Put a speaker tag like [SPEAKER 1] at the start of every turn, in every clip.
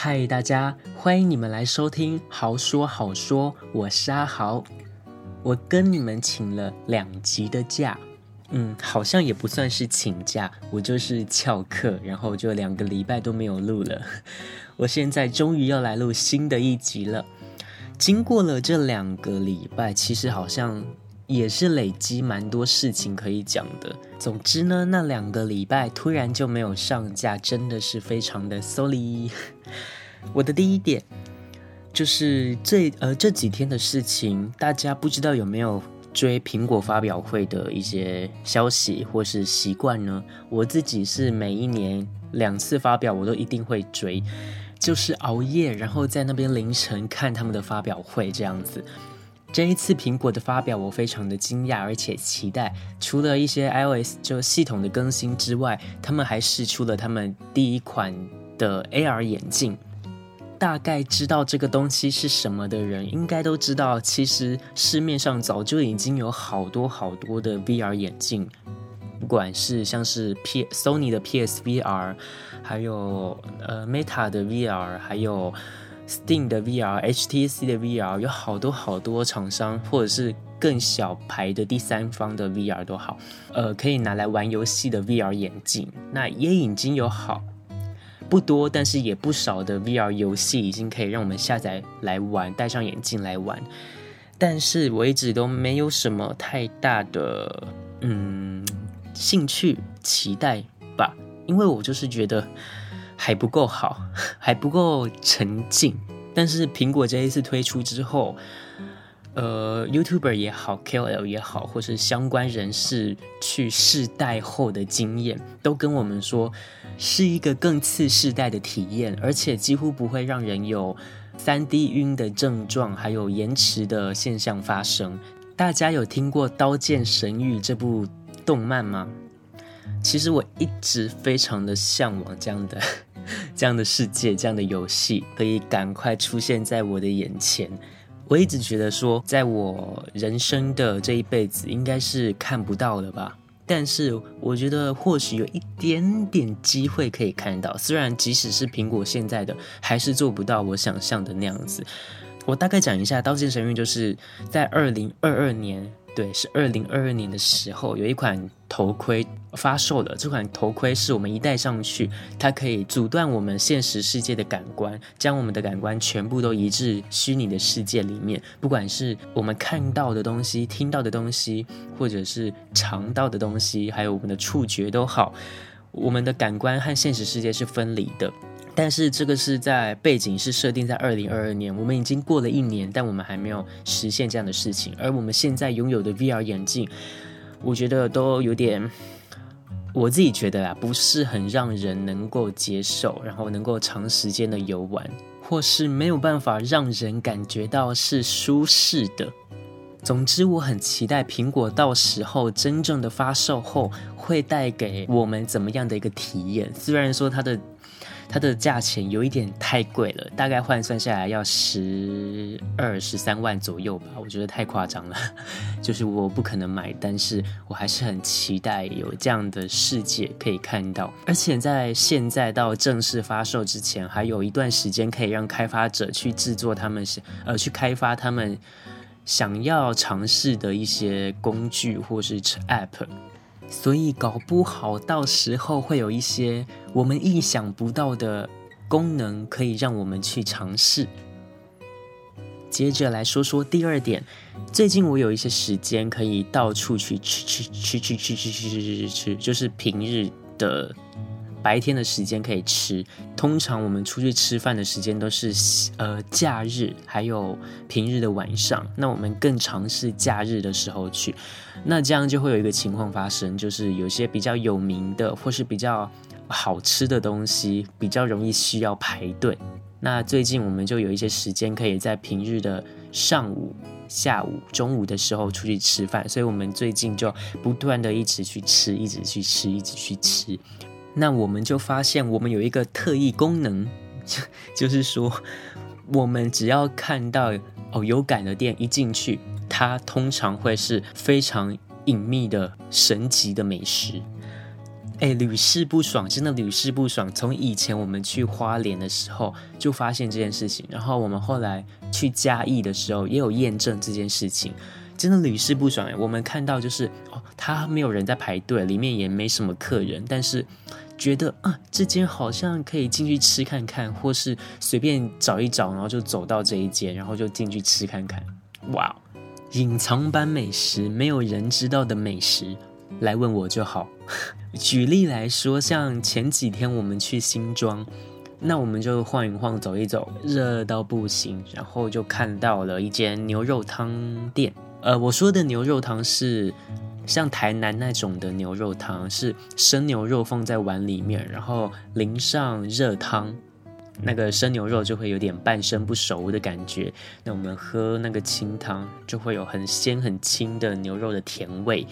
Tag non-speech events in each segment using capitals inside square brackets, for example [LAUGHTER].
[SPEAKER 1] 嗨，大家歡迎你們來收聽《好說好說》，我是阿豪。我跟你們請了兩集的假，嗯，好像也不算是請假，我就是翹課，然後就兩個禮拜都沒有錄了。我現在終於要來錄新的一集了。經過了這兩個禮拜，其實好像。也是累積蠻多事情可以講的。總之呢，那兩個禮拜突然就沒有上架，真的是非常的 sorry。我的第一點就是這呃這幾天的事情，大家不知道有沒有追蘋果發表會的一些消息或是習慣呢？我自己是每一年兩次發表，我都一定會追，就是熬夜，然後在那邊凌晨看他們的發表會這樣子。這一次蘋果的發表，我非常的驚訝，而且期待。除了一些 iOS 就系統的更新之外，他們還釋出了他們第一款的 AR 眼鏡。大概知道這個東西是什麼的人，應該都知道，其實市面上早就已經有好多好多的 VR 眼鏡，不管是像是 P Sony 的 PS VR，還有呃 Meta 的 VR，還有。Steam 的 VR、HTC 的 VR 有好多好多廠商，或者是更小牌的第三方的 VR 都好，呃，可以拿來玩遊戲的 VR 眼鏡，那也已經有好不多，但是也不少的 VR 遊戲已經可以讓我們下載來玩，戴上眼鏡來玩。但是我一直都沒有什麼太大的嗯興趣期待吧，因為我就是覺得。還不夠好，還不夠沉浸。但是蘋果這一次推出之後，呃，YouTuber 也好，KOL 也好，或是相關人士去試戴後的經驗，都跟我們說是一個更次世代的體驗，而且幾乎不會讓人有三 D 暈的症狀，還有延遲的現象發生。大家有聽過《刀劍神域》這部動漫嗎？其實我一直非常的向往這樣的。這樣的世界，這樣的遊戲，可以趕快出現在我的眼前。我一直覺得說，在我人生的這一輩子，應該是看不到了吧？但是，我覺得或許有一點點機會可以看到。雖然，即使是蘋果現在的，還是做不到我想象的那樣子。我大概講一下刀劍神域，就是在二零二二年，對，是二零二二年的時候，有一款。頭盔發售了。這款頭盔是我們一戴上去，它可以阻斷我們現實世界的感官，將我們的感官全部都移至虛擬的世界裡面。不管是我們看到的東西、聽到的東西，或者是嚐到的東西，還有我們的觸覺都好，我們的感官和現實世界是分離的。但是這個是在背景是設定在二零二二年，我們已經過了一年，但我們還沒有實現這樣的事情。而我們現在擁有的 VR 眼鏡。我覺得都有點，我自己覺得啊，不是很讓人能夠接受，然後能夠長時間的遊玩，或是沒有辦法讓人感覺到是舒適的。總之，我很期待蘋果到時候真正的發售後會帶給我們怎麼樣的一個體驗。雖然說它的。它的價錢有一點太貴了，大概換算下來要十二、十三萬左右吧，我覺得太誇張了，就是我不可能買，但是我還是很期待有這樣的世界可以看到。而且在現在到正式發售之前，還有一段時間可以讓開發者去製作他們想呃去開發他們想要嘗試的一些工具或是 App。所以搞不好到時候會有一些我們意想不到的功能可以讓我們去嘗試。接着來說說第二點，最近我有一些時間可以到處去吃吃吃吃吃吃吃吃吃吃，就是平日的。白天的時間可以吃。通常我們出去吃飯的時間都是呃假日，還有平日的晚上。那我們更常是假日的時候去，那這樣就會有一個情況發生，就是有些比較有名的或是比較好吃的東西，比較容易需要排隊。那最近我們就有一些時間可以在平日的上午、下午、中午的時候出去吃飯，所以我們最近就不斷的一直去吃，一直去吃，一直去吃。那我們就發現，我們有一個特異功能，就是說，我們只要看到哦有感的店一進去，它通常會是非常隱秘的、神奇的美食。哎，屢試不爽，真的屢試不爽。從以前我們去花蓮的時候就發現這件事情，然後我們後來去嘉義的時候也有驗證這件事情，真的屢試不爽。哎，我們看到就是哦，它沒有人在排隊，裡面也沒什麼客人，但是。覺得啊，這間好像可以進去吃看看，或是隨便找一找，然後就走到這一間，然後就進去吃看看。哇、wow!，隱藏版美食，沒有人知道的美食，來問我就好。 [LAUGHS] 舉例來說，像前幾天我們去新莊，那我們就晃一晃，走一走，熱到不行，然後就看到了一間牛肉湯店。呃，我說的牛肉湯是。像台南那種的牛肉湯是生牛肉放在碗裡面，然後淋上熱湯，那個生牛肉就會有點半生不熟的感覺。那我們喝那個清湯就會有很鮮很清的牛肉的甜味，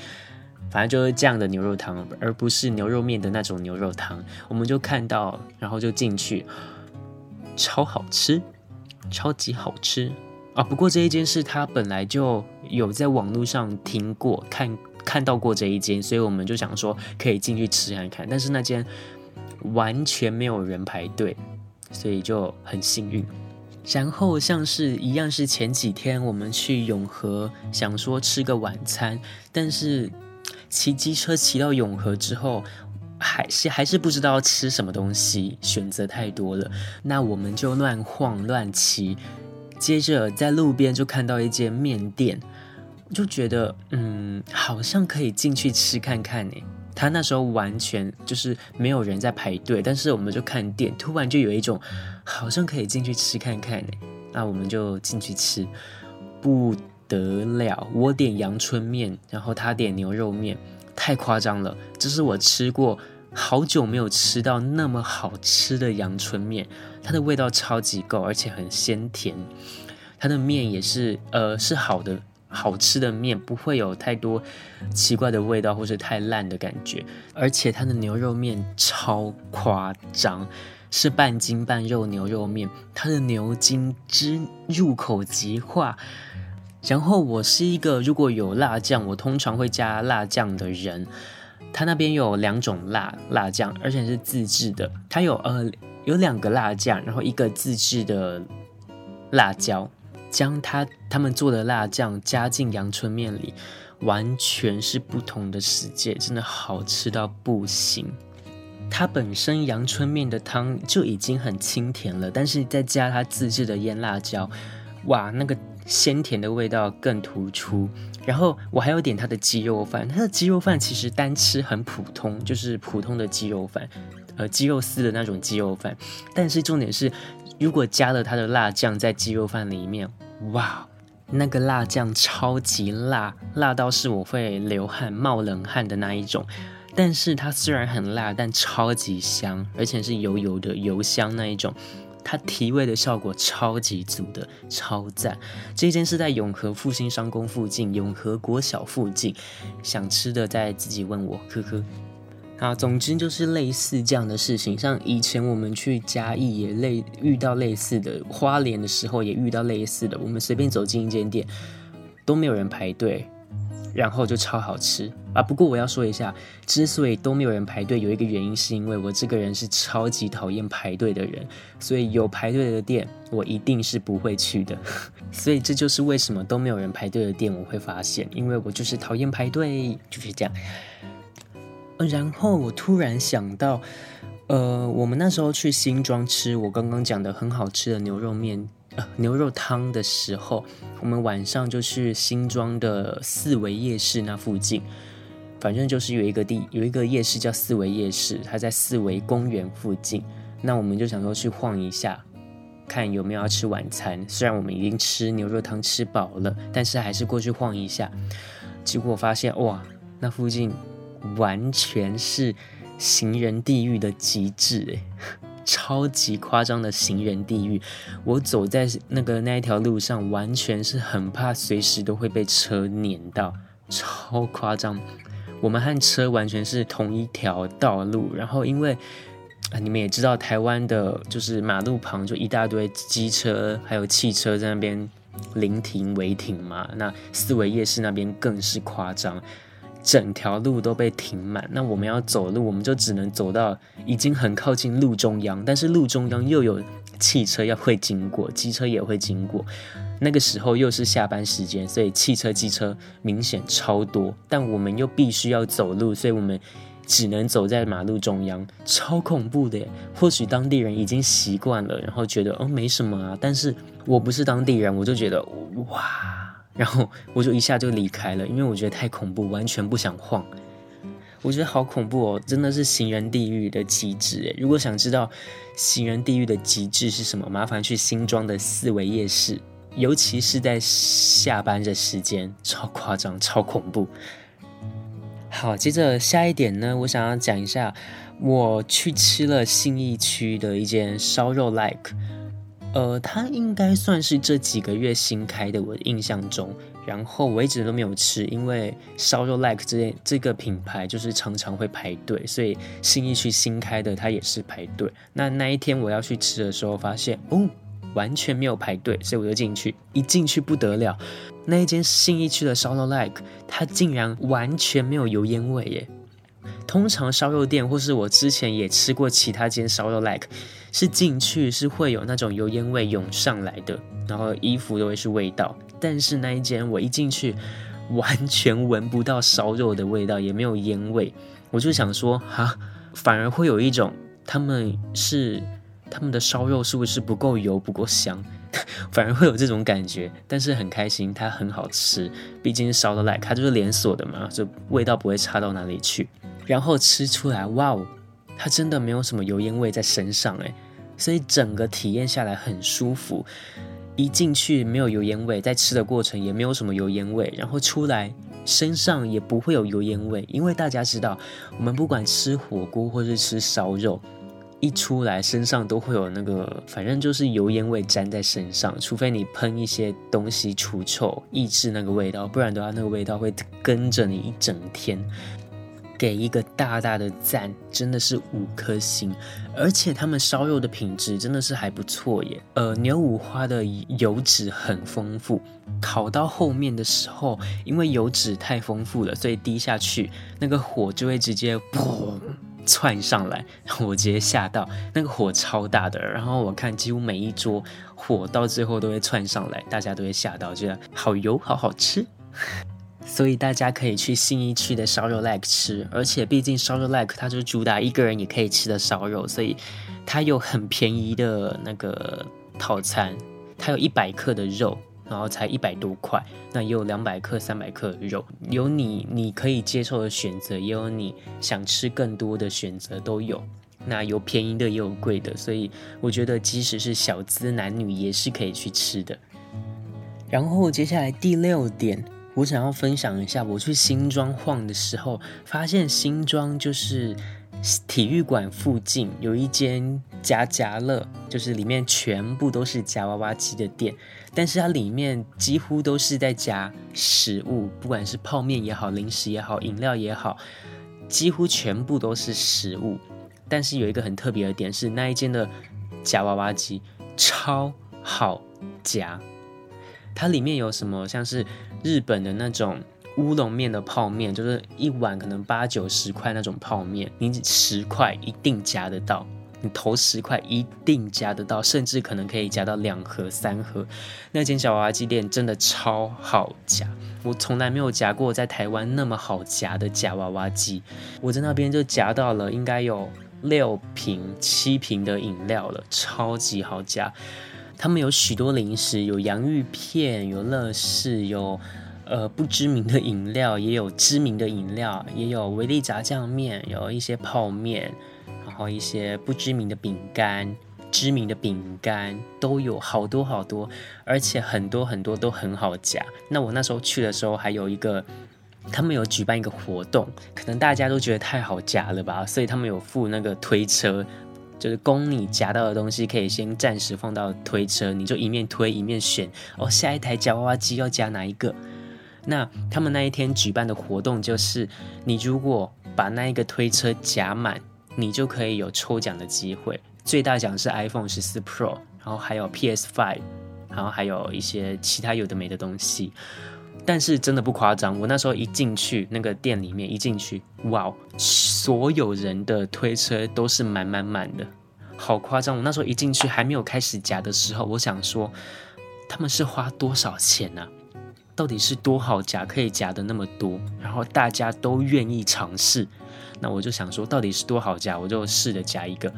[SPEAKER 1] 反正就是這樣的牛肉湯，而不是牛肉麵的那種牛肉湯。我們就看到，然後就進去，超好吃，超級好吃啊！不過這一件事他本來就有在網絡上聽過看。看到過這一間，所以我們就想說可以進去吃看看。但是那間完全沒有人排隊，所以就很幸運。然後像是一樣，是前幾天我們去永和想說吃個晚餐，但是騎機車騎到永和之後，還是還是不知道吃什麼東西，選擇太多了。那我們就亂晃亂騎，接着在路邊就看到一間麵店。就覺得嗯，好像可以進去吃看看哎。他那時候完全就是沒有人在排隊，但是我們就看店，突然就有一種好像可以進去吃看看哎。那我們就進去吃，不得了！我點陽春麵，然後他點牛肉麵，太誇張了！這是我吃過好久沒有吃到那麼好吃的陽春麵，它的味道超級夠，而且很鮮甜，它的麵也是呃，是好的。好吃的麵不會有太多奇怪的味道，或是太爛的感覺，而且它的牛肉麵超誇張，是半筋半肉牛肉麵，它的牛筋汁入口即化。然後我是一個如果有辣醬，我通常會加辣醬的人，他那邊有兩種辣辣醬，而且是自制的，它有呃有兩個辣醬，然後一個自制的辣椒。將他他們做的辣醬加進陽春麵裡，完全是不同的世界，真的好吃到不行。它本身陽春麵的湯就已經很清甜了，但是再加它自制的醃辣椒，哇，那個鮮甜的味道更突出。然後我還有點它的雞肉飯，它的雞肉飯其實單吃很普通，就是普通的雞肉飯，呃，雞肉絲的那種雞肉飯。但是重點是。如果加了它的辣醬在雞肉飯裡面，哇，那個辣醬超級辣，辣到是我會流汗冒冷汗的那一種。但是它雖然很辣，但超級香，而且是油油的油香那一種，它提味的效果超級足的，超讚。這間是在永和復興商工附近，永和國小附近，想吃的再自己問我，呵呵。啊，總之就是類似這樣的事情，像以前我們去嘉義也類遇到類似的，花蓮的時候也遇到類似的，我們隨便走進一間店都沒有人排隊，然後就超好吃啊。不過我要說一下，之所以都沒有人排隊，有一個原因是因為我這個人是超級討厭排隊的人，所以有排隊的店我一定是不會去的。所以這就是為什麼都沒有人排隊的店我會發現，因為我就是討厭排隊，就是這樣。呃，然後我突然想到，呃，我們那時候去新莊吃我剛剛講的很好吃的牛肉麵，呃，牛肉湯的時候，我們晚上就去新莊的四維夜市那附近，反正就是有一個地，有一個夜市叫四維夜市，它在四維公園附近。那我們就想說去晃一下，看有沒有要吃晚餐。雖然我們已經吃牛肉湯吃飽了，但是還是過去晃一下。結果發現，哇，那附近。完全是行人地獄的極致，哎，超級誇張的行人地獄。我走在那個那一條路上，完全是很怕隨時都會被車碾到，超誇張。我們和車完全是同一條道路。然後因為你們也知道，台灣的就是馬路旁就一大堆機車還有汽車在那邊臨停違停嘛。那四維夜市那邊更是誇張。整條路都被停滿，那我們要走路，我們就只能走到已經很靠近路中央，但是路中央又有汽車要會經過，機車也會經過。那個時候又是下班時間，所以汽車、機車明顯超多，但我們又必須要走路，所以我們只能走在馬路中央，超恐怖的。或許當地人已經習慣了，然後覺得哦沒什麼啊，但是我不是當地人，我就覺得哇。然後我就一下就離開了，因為我覺得太恐怖，完全不想晃。我覺得好恐怖哦，真的是行人地獄的極致哎！如果想知道行人地獄的極致是什麼，麻煩去新莊的四維夜市，尤其是在下班的時間，超誇張，超恐怖。好，接着下一點呢，我想要講一下，我去吃了信義區的一間燒肉 like。呃，它應該算是這幾個月新開的，我的印象中。然後我一直都沒有吃，因為燒肉 like 這件這個品牌就是常常會排隊，所以信義區新開的它也是排隊。那那一天我要去吃的時候，發現哦，完全沒有排隊，所以我就進去。一進去不得了，那一間信義區的燒肉 like，它竟然完全沒有油煙味耶！通常燒肉店，或是我之前也吃過其他間燒肉 like，是進去是會有那種油煙味湧上來的，然後衣服都會是味道。但是那一間我一進去，完全聞不到燒肉的味道，也沒有煙味。我就想說哈，反而會有一種他們是他們的燒肉是不是不夠油不夠香，反而會有這種感覺。但是很開心，它很好吃，畢竟是燒的 like，它就是連鎖的嘛，所以味道不會差到哪裡去。然後吃出來，哇哦，它真的沒有什麼油煙味在身上誒。所以整個體驗下來很舒服。一進去沒有油煙味，在吃的過程也沒有什麼油煙味，然後出來身上也不會有油煙味，因為大家知道，我們不管吃火鍋或是吃燒肉，一出來身上都會有那個，反正就是油煙味粘在身上，除非你噴一些東西除臭，抑制那個味道，不然的話那個味道會跟着你一整天。給一個大大的讚，真的是五顆星，而且他們燒肉的品質真的是還不錯耶。呃，牛五花的油脂很豐富，烤到後面的時候，因為油脂太豐富了，所以滴下去那個火就會直接砰竄上來，我直接嚇到，那個火超大的。然後我看幾乎每一桌火到最後都會竄上來，大家都會嚇到，覺得好油，好好吃。所以大家可以去信義區的燒肉 like 吃，而且畢竟燒肉 like 它就主打一個人也可以吃的燒肉，所以它有很便宜的那個套餐，它有一百克的肉，然後才一百多塊，那也有兩百克、三百克的肉，有你你可以接受的選擇，也有你想吃更多的選擇都有。那有便宜的，也有貴的，所以我覺得即使是小資男女也是可以去吃的。然後接下來第六點。我想要分享一下，我去新莊晃的時候，發現新莊就是體育館附近有一間夾夾樂，就是裡面全部都是夾娃娃機的店，但是它裡面幾乎都是在夾食物，不管是泡麵也好，零食也好，飲料也好，幾乎全部都是食物。但是有一個很特別的點是，那一間的夾娃娃機超好夾，它裡面有什麼像是。日本的那種烏龍麵的泡麵，就是一碗可能八九十塊那種泡麵，你十塊一定夾得到，你投十塊一定夾得到，甚至可能可以夾到兩盒三盒。那間小娃娃機店真的超好夾，我從來沒有夾過在台灣那麼好夾的夾娃娃機，我在那邊就夾到了應該有六瓶七瓶的飲料了，超級好夾。他們有許多零食，有洋芋片，有樂事，有呃不知名的飲料，也有知名的飲料，也有維力炸醬麵，有一些泡麵，然後一些不知名的餅乾，知名的餅乾都有好多好多，而且很多很多都很好夾。那我那時候去的時候，還有一個他們有舉辦一個活動，可能大家都覺得太好夾了吧，所以他們有附那個推車。就是供你夾到的東西，可以先暫時放到推車，你就一面推一面選。哦，下一台夾娃娃機要夾哪一個？那他們那一天舉辦的活動就是，你如果把那一個推車夾滿，你就可以有抽獎的機會。最大獎是 iPhone 14 Pro，然後還有 PS 5，然後還有一些其他有的沒的東西。但是真的不誇張，我那時候一進去那個店裡面，一進去，哇，所有人的推車都是滿滿滿的，好誇張！我那時候一進去還沒有開始夾的時候，我想說他們是花多少錢啊？到底是多好夾可以夾的那麼多，然後大家都願意嘗試。那我就想說到底是多好夾，我就試着夾一個，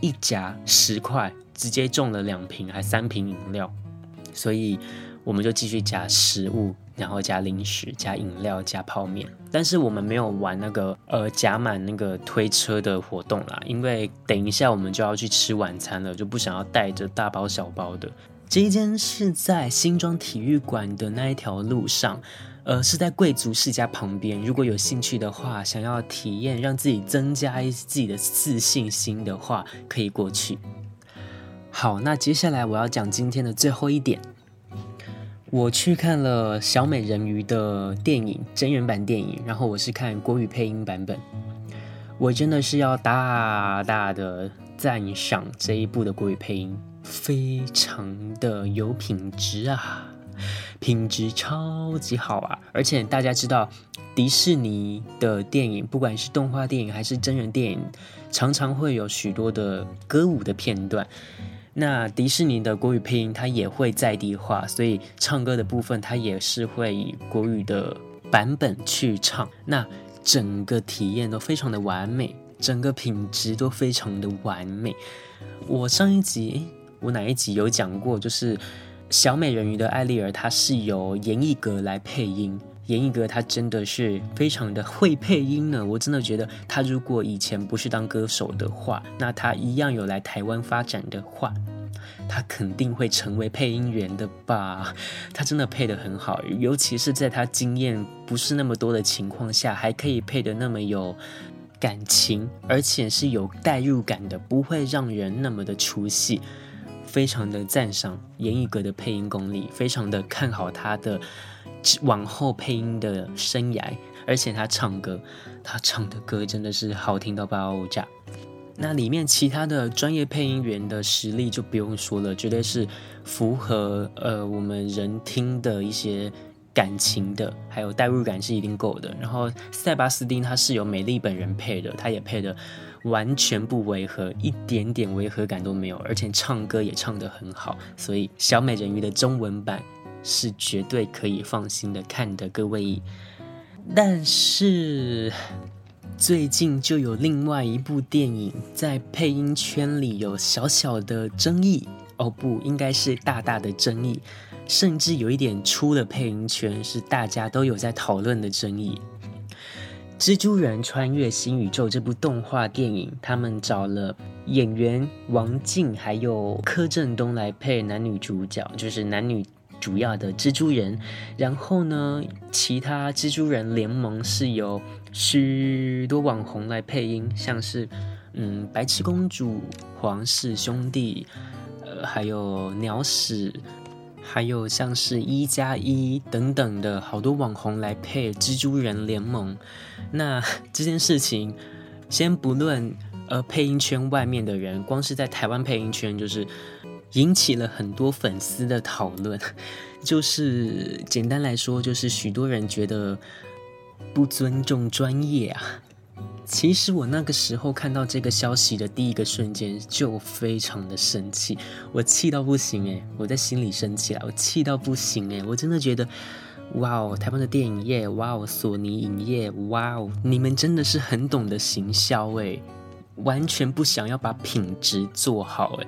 [SPEAKER 1] 一夾十塊直接中了兩瓶還三瓶飲料，所以。我們就繼續加食物，然後加零食、加飲料、加泡麵，但是我們沒有玩那個呃，加滿那個推車的活動啦，因為等一下我們就要去吃晚餐了，就不想要帶着大包小包的。這一間是在新莊體育館的那一條路上，呃，是在貴族世家旁邊。如果有興趣的話，想要體驗讓自己增加一自己的自信心的話，可以過去。好，那接下來我要講今天的最後一點。我去看了《小美人魚》的電影，真人版電影，然後我是看國語配音版本。我真的是要大大的讚賞這一部的國語配音，非常的有品質啊，品質超級好啊！而且大家知道，迪士尼的電影，不管是動畫電影還是真人電影，常常會有許多的歌舞的片段。那迪士尼的國語配音，它也會在地化，所以唱歌的部分，它也是會以國語的版本去唱。那整個體驗都非常的完美，整個品質都非常的完美。我上一集，哎，我哪一集有講過？就是小美人魚的愛麗兒，她是由嚴藝格來配音。嚴屹格他真的是非常的會配音呢。我真的覺得他如果以前不是當歌手的話，那他一樣有來台灣發展的話，他肯定會成為配音員的吧？他真的配得很好，尤其是在他經驗不是那麼多的情況下，還可以配得那麼有感情，而且是有代入感的，不會讓人那麼的出戲，非常的讚賞嚴屹格的配音功力，非常的看好他的。往後配音的生涯，而且他唱歌，他唱的歌真的是好聽到爆炸。那裡面其他的專業配音員的實力就不用說了，絕對是符合呃，我們人聽的一些感情的，還有代入感是一定夠的。然後塞巴斯丁他是由美麗本人配的，他也配的完全不違和，一點點違和感都沒有，而且唱歌也唱得很好，所以小美人魚的中文版，是絕對可以放心的看的，各位。但是最近就有另外一部電影在配音圈裡有小小的爭議哦不，不應該是大大的爭議，甚至有一點出了配音圈是大家都有在討論的爭議。《蜘蛛人穿越新宇宙》這部動畫電影，他們找了演員王淨還有柯震東來配男女主角，就是男女。主要的蜘蛛人，然後呢，其他蜘蛛人聯盟是由許多網紅來配音，像是嗯，白痴公主、黃氏兄弟，呃，還有鳥屎，還有像是一加一等等的好多網紅來配蜘蛛人聯盟。那這件事情，先不論呃配音圈外面的人，光是在台灣配音圈就是。引起了很多粉絲的討論，就是簡單來說，就是許多人覺得不尊重專業啊。其實我那個時候看到這個消息的第一個瞬間就非常的生氣，我氣到不行欸。我在心裡生氣了，我氣到不行欸。我真的覺得，哇哦，台灣的電影業，哇哦，索尼影業，哇哦，你們真的是很懂得行銷欸，完全不想要把品質做好欸。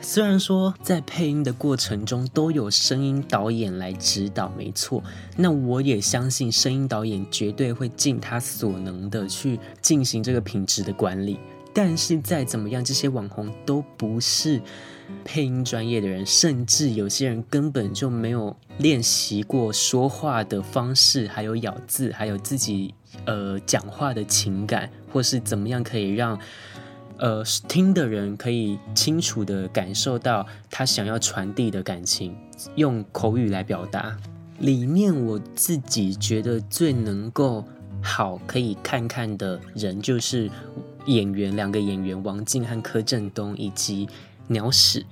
[SPEAKER 1] 雖然說在配音的過程中都有聲音導演來指導，沒錯，那我也相信聲音導演絕對會盡他所能的去進行這個品質的管理。但是再怎麼樣，這些網紅都不是配音專業的人，甚至有些人根本就沒有練習過說話的方式，還有咬字，還有自己呃講話的情感，或是怎麼樣可以讓。呃，聽的人可以清楚地感受到他想要傳遞的感情，用口語來表達。裡面我自己覺得最能夠好可以看看的人就是演員，兩個演員，王靜和柯震東以及鳥屎。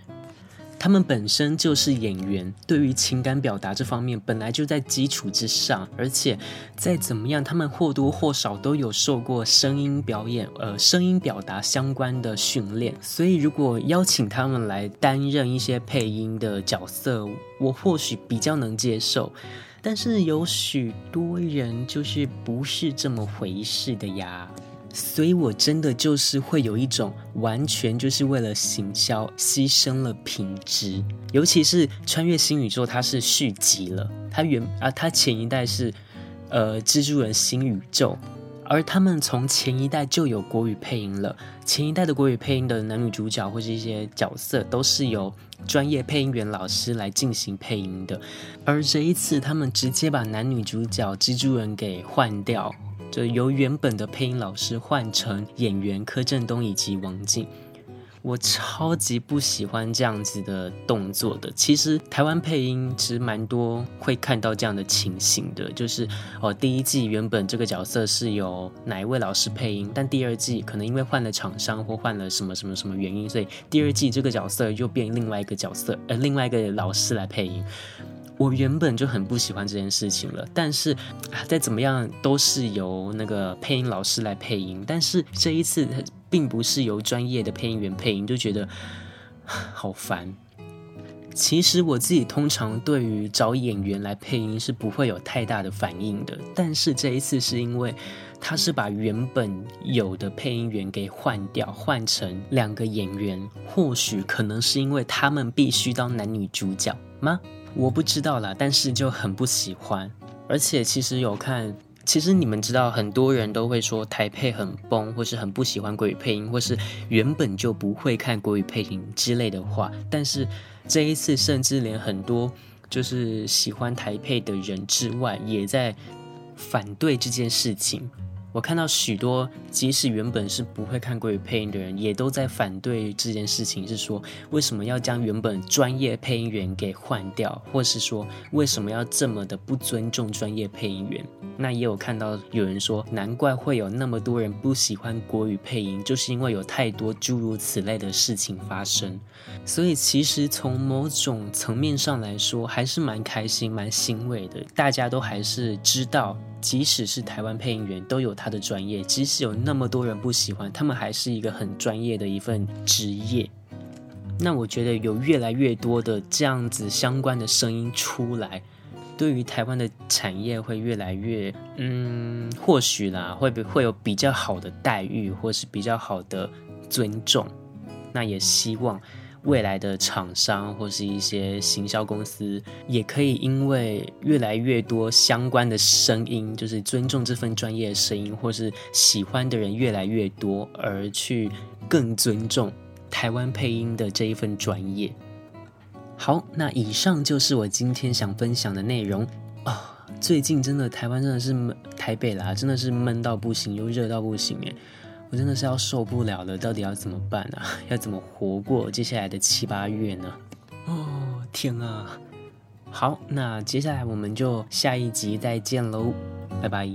[SPEAKER 1] 他們本身就是演員，對於情感表達這方面本來就在基礎之上，而且再怎麼樣，他們或多或少都有受過聲音表演、呃，聲音表達相關的訓練。所以，如果邀請他們來擔任一些配音的角色，我或許比較能接受。但是，有許多人就是不是這麼回事的呀。所以我真的就是會有一種完全就是為了行銷犧牲了品質，尤其是《穿越新宇宙》，它是續集了。它原啊，它前一代是，呃，《蜘蛛人新宇宙》，而他們從前一代就有國語配音了。前一代的國語配音的男女主角或是一些角色，都是由專業配音員老師來進行配音的。而這一次，他們直接把男女主角蜘蛛人給換掉。就由原本的配音老師換成演員柯震東以及王淨，我超級不喜歡這樣子的動作的。其實台灣配音其實蠻多會看到這樣的情形的，就是哦，第一季原本這個角色是由哪一位老師配音，但第二季可能因為換了廠商或換了什麼什麼什麼原因，所以第二季這個角色又變另外一個角色，呃，另外一個老師來配音。我原本就很不喜歡這件事情了，但是啊，再怎麼樣都是由那個配音老師來配音，但是這一次他並不是由專業的配音員配音，就覺得好煩。其實我自己通常對於找演員來配音是不會有太大的反應的，但是這一次是因為他是把原本有的配音員給換掉，換成兩個演員，或許可能是因為他們必須當男女主角。嗎？我不知道啦，但是就很不喜歡，而且其實有看。其實你們知道，很多人都會說台配很崩，或是很不喜歡國語配音，或是原本就不會看國語配音之類的話。但是這一次，甚至連很多就是喜歡台配的人之外，也在反對這件事情。我看到許多即使原本是不會看國語配音的人，也都在反對這件事情，是說為什麼要將原本專業配音員給換掉，或是說為什麼要這麼的不尊重專業配音員？那也有看到有人說，難怪會有那麼多人不喜歡國語配音，就是因為有太多諸如此類的事情發生。所以其實從某種層面上來說，還是蠻開心、蠻欣慰的，大家都還是知道。即使是台灣配音員，都有他的專業。即使有那麼多人不喜歡，他們還是一個很專業的一份職業。那我覺得有越來越多的這樣子相關的聲音出來，對於台灣的產業會越來越，嗯，或許啦，會不會有比較好的待遇，或是比較好的尊重。那也希望。未來的廠商或是一些行銷公司，也可以因為越來越多相關的聲音，就是尊重這份專業的聲音，或是喜歡的人越來越多，而去更尊重台灣配音的這一份專業。好，那以上就是我今天想分享的內容啊。哦，最近真的台灣真的是悶，台北啦，啊，真的是悶到不行，又熱到不行耶。我真的是要受不了了，到底要怎麼辦啊？要怎麼活過接下來的七八月呢？哦，天啊！好，那接下來我們就下一集再見嘍。拜拜。